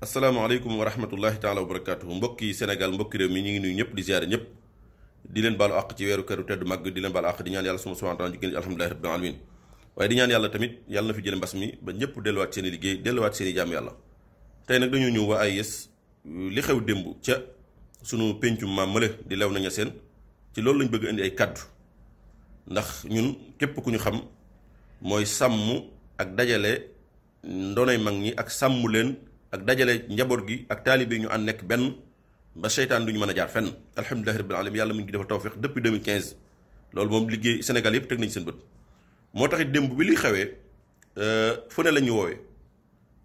asalaamaaleykum wa rahmatullahi taala wa barakatuhu mbokki Sénégal mbokki réew mi ñu ngi nuyu ñëpp di ziare ñëpp di leen baalu àq ci weeru këru tedd màgg di leen baalu àq di ñaan yàlla suma subhanahu taala ñu génn alhamdulilahi rabbil alamin waaye ñaan yàlla tamit yàlla na fi jële mbas mi ba ñëpp delluwaat seen i liggéey delluwaat seen i jàmm yàlla tey nag dañu ñëw waa AIS li xew démb ca sunu péncum maam mële di lew naña seen ci loolu lañ bëgg indi ay kàddu ndax ñun képp ku ñu xam mooy sàmm ak dajale ndonay mag ñi ak sàmm leen ak dajale njaboot gi ak taalibe ñu ànd nekk benn ba seytaan du ñu mën a jaar fenn alhamdulilahi rabbil alamin yàlla mu ngi defal de depuis 2015 loolu moom liggéey Sénégal yëpp teg nañ seen bët moo tax it démb bi liy xewee euh, fu ne la ñu woowee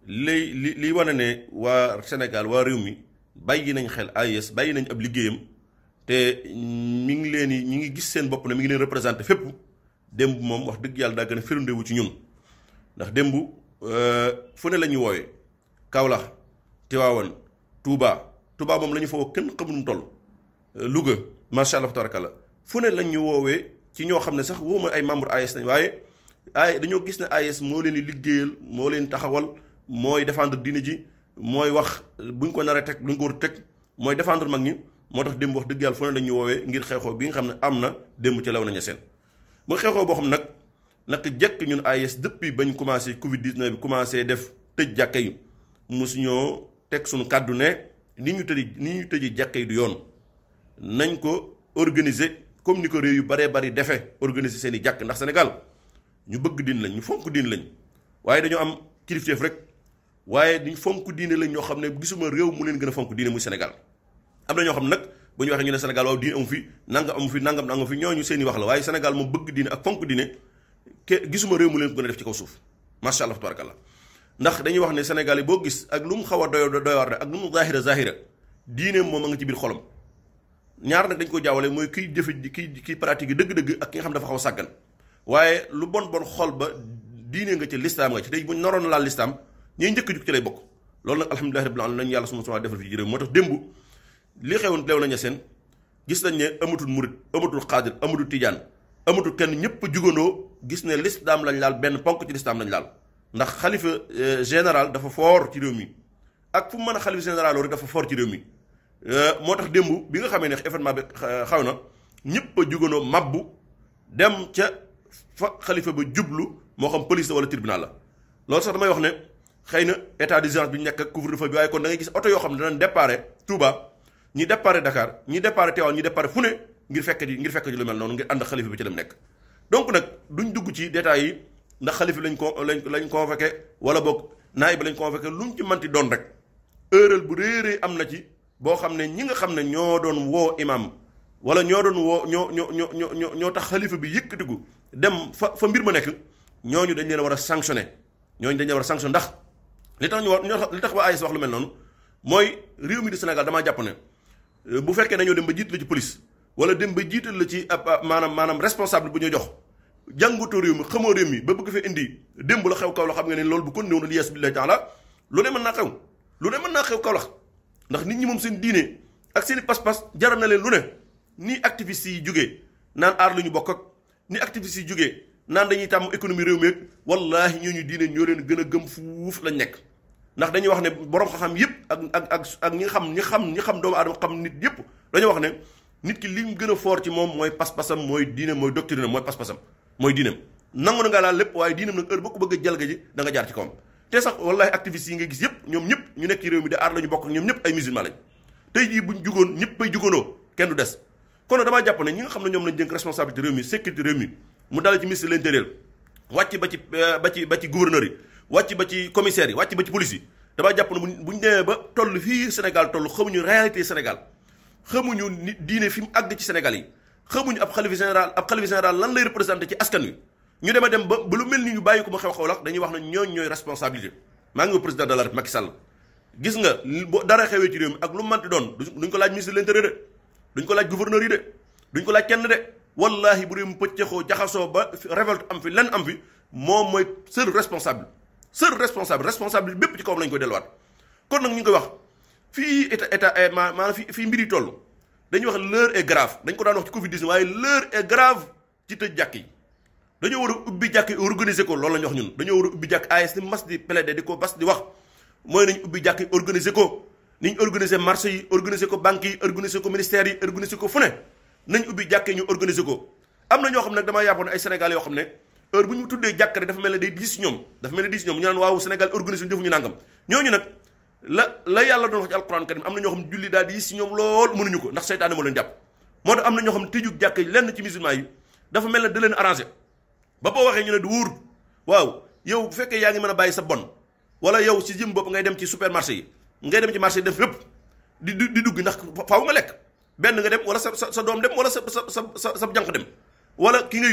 li wane ne waa Sénégal waa réew mi bàyyi nañ xel AIS bàyyi nañ ab liggéeyam te mi ngi leen ñi ngi gis seen bopp ne mi ngi leen représenté fépp démb moom wax dëgg yàlla daa gën a firndewu ci ñun ndax démb euh, fu ne la ñu woowee Kaolack Tiwaawan tuuba Touba moom la ñu fa woo kenn xamul mu toll euh, Louga macha allah tabarakalla fu ne lañ woowee ci ñoo xam ne sax woo ma ay membre AIS nañ waaye ay dañoo gis ne AIS moo leen di liggéeyal moo leen taxawal mooy défendre diine ji mooy wax buñ ko naree teg luñ ko war teg mooy défendre mag ñi moo tax démb wax dëgg yàlla fu ne lañ woowee ngir xeexoo bi nga xam ne am na démb ci law nañu seen mu xeexoo boo xam ne nag naka jekk ñun AIS depuis bañ commencé Covid 19 bi commencé def tëj jàkka yi. mosuñoo teg suñu kàddu ne ni ñu tëj ni ñu tëjee jàkka yi du yoon nañ ko organiser comme ni ko réew yu bare bari defe organiser seeni i jàkk ndax Sénégal ñu bëgg diin lañ ñu fonk diin lañ waaye dañoo am kilifteef rek waaye duñ fonk diine lañ ñoo xam ne gisuma réew mu leen gën a fonk diine muy Sénégal am na ñoo xam nag bu ñu waxee ñu ne Sénégal waaw diine amu fi nangam amu fi nangam amu fi ñoo ñu seeni wax la waaye Sénégal moom bëgg diine ak fonk diine ke gisuma réew mu leen gën a def ci kaw suuf macha allah tabarakallah ndax dañuy wax ne Sénégal yi boo gis ak lu mu xaw a doy doy war ak lu mu zahira zahira diine moom a nga ci biir xolam ñaar nag dañ ko jaawale mooy kiy jëfe kiy kiy pratique yi dëgg-dëgg ak ki nga xam dafa xaw a sàggan waaye lu bon bon xol ba diine nga ci lislaam nga ci tey bu noroon laal lislaam ñooy njëkk jug ci lay bokk loolu nag alhamdulilahi rabbil alamin lañu yàlla suma sama defal fi ci réew moo tax démb li xewoon leew na ñaseen gis nañ ne amatul murit amatul xaadir amatul tijaan amatul kenn ñëpp jugandoo gis ne lislaam lañ laal benn ponk ci lislaam lañ laal ndax xalifa euh, général dafa fort ci réew mi ak fu mu mën a xalifa général rek dafa foor ci réew mi euh, moo tax démb bi nga xamee ne événement bi xaw na ñëpp a jugoonoo mabbu dem ca fa xalifa ba jublu moo xam police la wala tribunal la. loolu sax damay wax ne xëy na état d'urgence bi ñàkk ak couvre-feu bi waaye kon da gis oto yoo xam ne danañ déparé Touba ñi déparé Dakar ñi déparé Tivaouane ñi déparé fu ne ngir fekk ji ngir fekk ji mel noonu ngir ànd xalifa bi ci dem nekk donc yi. ndax xalif lañ koo lañ lañ convoqué wala boog bi lañ convoqué lu mu ci manti doon rek erreur bu réeréy am na ci boo xam ne ñi nga xam ne ñoo doon woo imaam wala ñoo doon woo ñoo ñoo ñoo ñoo ñoo tax xalifa bi yëkkatiku dem fa fa mbir ma nekk ñoo ñu dañ leen war a ñoo ñu dañ leen war a sanctionné ndax li tax ñu war li tax waa AIS wax lu mel noonu mooy réew mi di Sénégal damaa jàpp ne bu fekkee dañoo dem ba jiital la ci police wala dem ba jiital la ci maanaam maanaam responsable bu ñu jox jàngutoo réew mi xamoo réew mi ba bëgg fa indi démb la xew Kaolack xam nga ne loolu bu ko néew na lies billahi taala lu ne mën naa xew lu ne mën naa xew Kaolack ndax nit ñi moom seen diine ak seen i pas-pas jaral na leen lu ne ni activistes yi jógee naan aar lu ñu bokk ak ni activistes yi jógee naan dañuy tàmm économie réew mi ak wallaahi ñooñu diine ñoo leen gën a gëm fuuf lañ nekk ndax dañuy wax ne borom xam-xam yëpp ak ak ak ak ñi xam ñi xam ñi xam doomu aadama xam nit yëpp dañoo wax ne nit mu gën a foor ci moom mooy pas-pasam mooy diine mooy doctrine mooy mooy diinam nangu na nga laal lépp waaye diinam nag heure boo ko bëgg a jalgaji da nga jaar ci kawam te sax wallahi activistes yi nga gis yëpp ñoom ñëpp ñu nekk ci réew mi de aar la bokk ak ñoom ñëpp ay musulman lañ tey jii buñ jugoon ñëpp bay jugoonoo kenn du des kon dama jàpp ne ñi nga xam ne ñoom lañ jënk responsabilité réew mi sécurité réew mi mu dala ci ministre de l'intérieur wàcc ba ci ba ci ba ci gouverneur yi wàcc ba ci commissaire yi wàcc ba ci police yi damaa jàpp ne buñ buñ demee ba toll fii Sénégal toll xamuñu réalité Sénégal xamuñu diine fi mu àgg ci Sénégal yi xamuñu ab xalifa général ab xalifa général lan lay représenté ci askan wi ñu dem a dem ba ba lu mel ni ñu bàyyi ko mu xew xew la dañuy wax ne ñooñ ñooy responsabilité maa ngi président de la République Macky Sall gis nga boo dara xewee ci réew ak lu manti doon duñ ko laaj ministre de l'intérieur de duñ ko laaj gouverneur yi de duñ ko laaj kenn de wallahi bu réew mi pëccëxoo jaxasoo ba révolte am fi lenn am fi moom mooy seul responsable seul responsable responsable bépp ci kawam lañ koy delluwaat kon nag ñu ngi koy wax fii état état eh, maanaam fii fii mbir yi toll dañuy wax l'heure est grave dañ ko daan wax ci Covid 19 waaye l'heure est grave ci tëj jàkk yi dañoo war ubbi jàkk yi organiser ko loolu la wax ñun dañoo war a ubbi jàkk AS ni mas di plaider di ko bas di wax mooy nañ ubbi jàkk yi organiser ko niñ organiser marché yi organiser ko banque yi organiser ko ministère yi organiser ko fu ne nañ ubbi jàkk yi ñu organiser ko am na ñoo xam ne nag damaa yàppoon ay Sénégalais yoo xam ne heure bu ñu tuddee jàkk dafa mel ne day diis ñoom dafa mel ne diis ñoom ñu waaw Sénégal organiser ñu defuñu nangam ñooñu la la yàlla doon wax ci alquran karim am na ñoo xam julli daal di si ñoom lool mënuñu ko ndax seytaane moo leen jàpp moo tax am na ñoo xam tëju jàkk yi lenn ci musulman yi dafa mel ne da leen arrangé ba boo waxee ñu ne du wóor waaw yow bu fekkee yaa ngi mën a bàyyi sa bon wala yow si jëm bopp ngay dem ci supermarché yi ngay dem ci marché yi def lépp di di dugg ndax faaw nga lekk benn nga dem wala sa sa doom dem wala sa sa sa sa sa jànq dem wala ki nga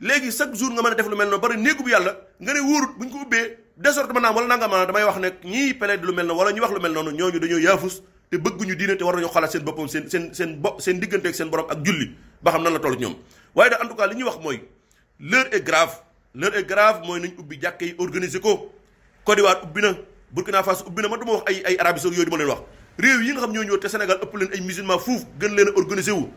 léegi chaque jour nga mën a def lu mel noonu bari néegu yàlla nga ne wóorut buñ ko ubbee désortement wala nanga maanaam damay wax ne ñiy plaide lu mel noonu wala ñu wax lu mel noonu ñooñu dañoo yaafus te bëgguñu diine te war nañu xalaat seen boppam seen seen seen bopp seen diggante ak seen borom ak julli ba xam nan la toll ñoom waaye daal en tout cas li ñuy wax mooy l'heure est grave l'heure est grave mooy nañ ubbi jàkke yi organiser ko Côte d'Ivoire ubbi na Burkina Faso ubbi na ma du ma wax ay ay Arabie Saoudite yooyu du ma leen wax réew yi nga xam ñoo ñëw te Sénégal ëpp leen ay musulman fuuf leen a organiser wu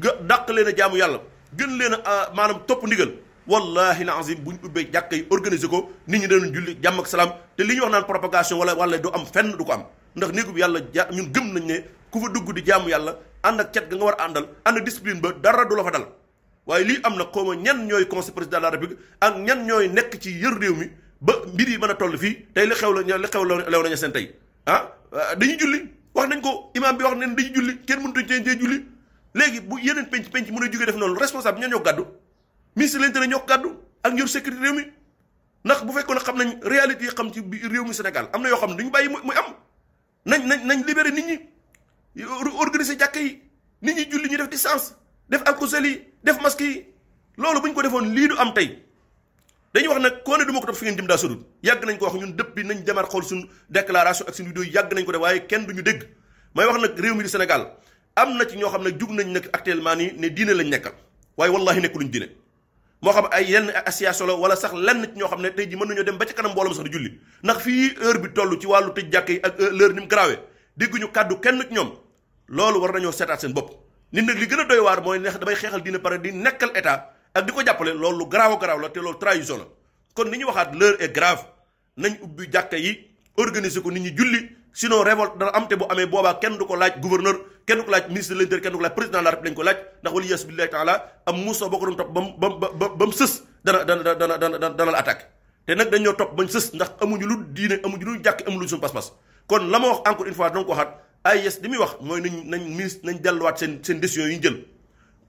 ga dàq yàlla gën leen a euh, maanaam topp ndigal wallahi lazim bu ñu ubbee jàkka yi organiser ko nit ñi dañu julli jàmm ak salaam te li ñu wax naan propagation wala wala du am fenn du ko am ndax néegub yàlla ja ñun gëm nañ ne ku fa dugg di jaamu yàlla ànd ak cet ga nga war a àndal ànd ak discipline ba dara du la fa dal waaye lii am na xawma ñan ñooy conseil président de la ak ñan ñooy nekk ci yër réew mi ba mbir yi mën a toll fii tey li xew la li xew lew nañu seen tey ah, ah, julli wax nañ ko imam bi wax nañ dañuy julli kenn mënutuñ tey julli léegi bu yeneen penc penc mën a jógee def noonu responsable ñoo ñoo gàddu ministre de l'intérieur ñoo ko gàddu ak njur sécurité réew mi ndax bu fekkoon xam nañ réalité yi xam ci réew mi Sénégal am na yoo xam ne duñu bàyyi muy am nañ nañ nañ libéré nit ñi organiser jàkka yi nit ñi julli ñu def distance def alcosel yi def masque yi loolu bu ñu ko defoon lii du am tey dañuy wax nag koo ne du ma ko topp fi yàgg nañ ko ñun dëpp bi nañ demar xool suñu déclaration ak suñu vidéo yàgg nañ ko def waaye kenn duñu dégg may wax nag réew mi di am na ci ñoo xam ne jug nañ nag actuellement nii ne diine lañ nekkal waaye wallahi nekku luñ diine moo xam ay yenn association la wala sax lenn ci ñoo xam ne tey ji mën nañoo dem ba ci kanam mbooloo sax di julli ndax fii heure bi toll ci wàllu tëj jàkk yi ak euh, l'heure ni mu garaawee dégguñu kàddu kenn ci ñoom loolu war nañoo seetaat seen bopp nit nag li gën doy waar mooy neex damay xeexal diine pare di nekkal état ak di ko jàppale loolu lu garaaw garaaw la te loolu trahison la kon ni ñu waxaat l'heure e grave nañ ubbi jàkka yi organiser ko nit ñi julli sinon révolte dana am te bu amee boobaa kenn du ko laaj gouverneur kenn du ko laaj ministre de l'intérieur kenn du ko laaj président de la république ko laaj ndax wala yas billahi taala am Moussa boo ko doon topp ba mu sës dana dana dana la attaque te nag dañ ñoo topp bañ sës ndax amuñu lu diine amuñu lu jàkk amuñu lu suñu pas kon la ma wax encore une fois danga ko waxaat ay yes li muy wax mooy nañ nañ ministre nañ delluwaat seen seen décision yi ñu jël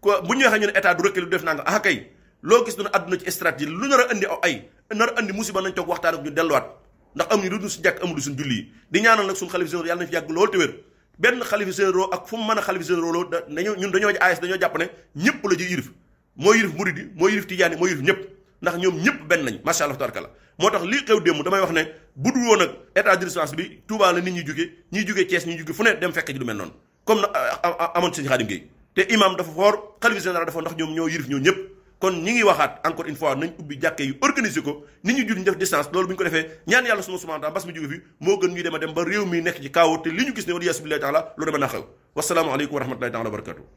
quoi bu ñu waxee ah waxtaan ñu delluwaat ndax amuñu lu dul suñu jàkk amul suñu julli yi di ñaanal nag suñu xalif généraux yàlla na fi yàgg loolu te wér benn xalif généraux ak fu mu mën a xalif généraux loolu dañoo ñun dañoo as dañoo jàpp ne ñëpp la ji yirif moo yirif murid yi moo yirif tijaani moo yirif ñëpp ndax ñoom ñëpp benn lañ macha allah tabaraka tax lii xew démb damay wax ne bu dul woon ak état la nit ñi jóge ñiy jóge Thiès ñiy jóge fu dem fekk ji du mel noonu comme na amoon sëñ Xaadim Géey ñoom ñoo yirif ñoo ñëpp kon ñi ngi waxaat encore une fois nañ ubbi jàkkee yu organiser ko nit ñu jul ñu def distance loolu bu ñu ko defee ñaan yàlla suma subhanahu wa ta'ala mi jóge fi moo gën ñuy dem a dem ba réew mi nekk ci kaawoo te li ñu gis ne wala yasubillahi taala loolu dama naa xew wasalaamu aleykum wa rahmatullahi taala